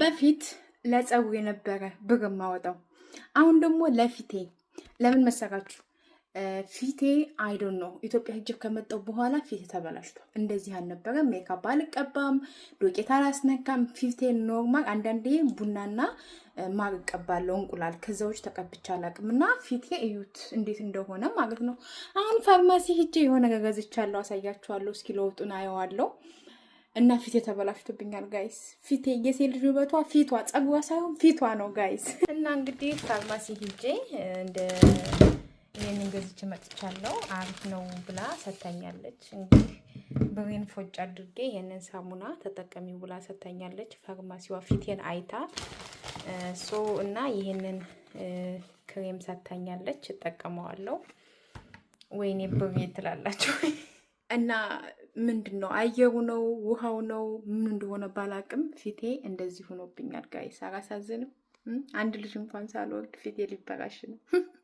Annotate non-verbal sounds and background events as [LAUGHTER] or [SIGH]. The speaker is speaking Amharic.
በፊት ለፀጉር የነበረ ብር የማወጣው አሁን ደግሞ ለፊቴ ለምን መሰራችሁ? ፊቴ አይዶን ነው ኢትዮጵያ ሂጅ ከመጣሁ በኋላ ፊቴ ተበላሽቷል። እንደዚህ አልነበረም። ሜካፕ አልቀባም፣ ዶቄት አላስነካም። ፊቴ ኖርማል። አንዳንዴ ቡናና ማር እቀባለሁ፣ እንቁላል ከዛ ውጭ ተቀብቼ አላውቅም። እና ፊቴ እዩት እንዴት እንደሆነ ማለት ነው። አሁን ፋርማሲ ሂጄ የሆነ ነገር ገዝቻለሁ፣ አሳያችኋለሁ። እስኪ ለውጡን አየዋለሁ። እና ፊቴ ተበላሽቶብኛል ጋይስ። ፊቴ የሴ ልጅ ውበቷ ፊቷ ጸጉሯ ሳይሆን ፊቷ ነው ጋይስ። እና እንግዲህ ፋርማሲ ሂጄ እንደ ይህንን ገዝቼ መጥቻለሁ። አሪፍ ነው ብላ ሰታኛለች። እንግዲህ ብሬን ፎጭ አድርጌ ይህንን ሳሙና ተጠቀሚ ብላ ሰታኛለች ፋርማሲዋ ፊቴን አይታ ሶ እና ይህንን ክሬም ሰታኛለች። እጠቀመዋለሁ። ወይኔ ብሬ ትላላችሁ እና ምንድን ነው አየሩ ነው ውሃው ነው ምን እንደሆነ ባላቅም ፊቴ እንደዚህ ሆኖብኛል ጋይስ አላሳዝንም አንድ ልጅ እንኳን ሳልወልድ ፊቴ ሊበላሽ ነው [LAUGHS]